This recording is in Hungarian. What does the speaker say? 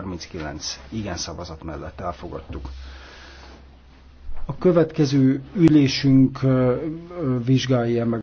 39 igen szavazat mellett elfogadtuk. A következő ülésünk vizsgálja meg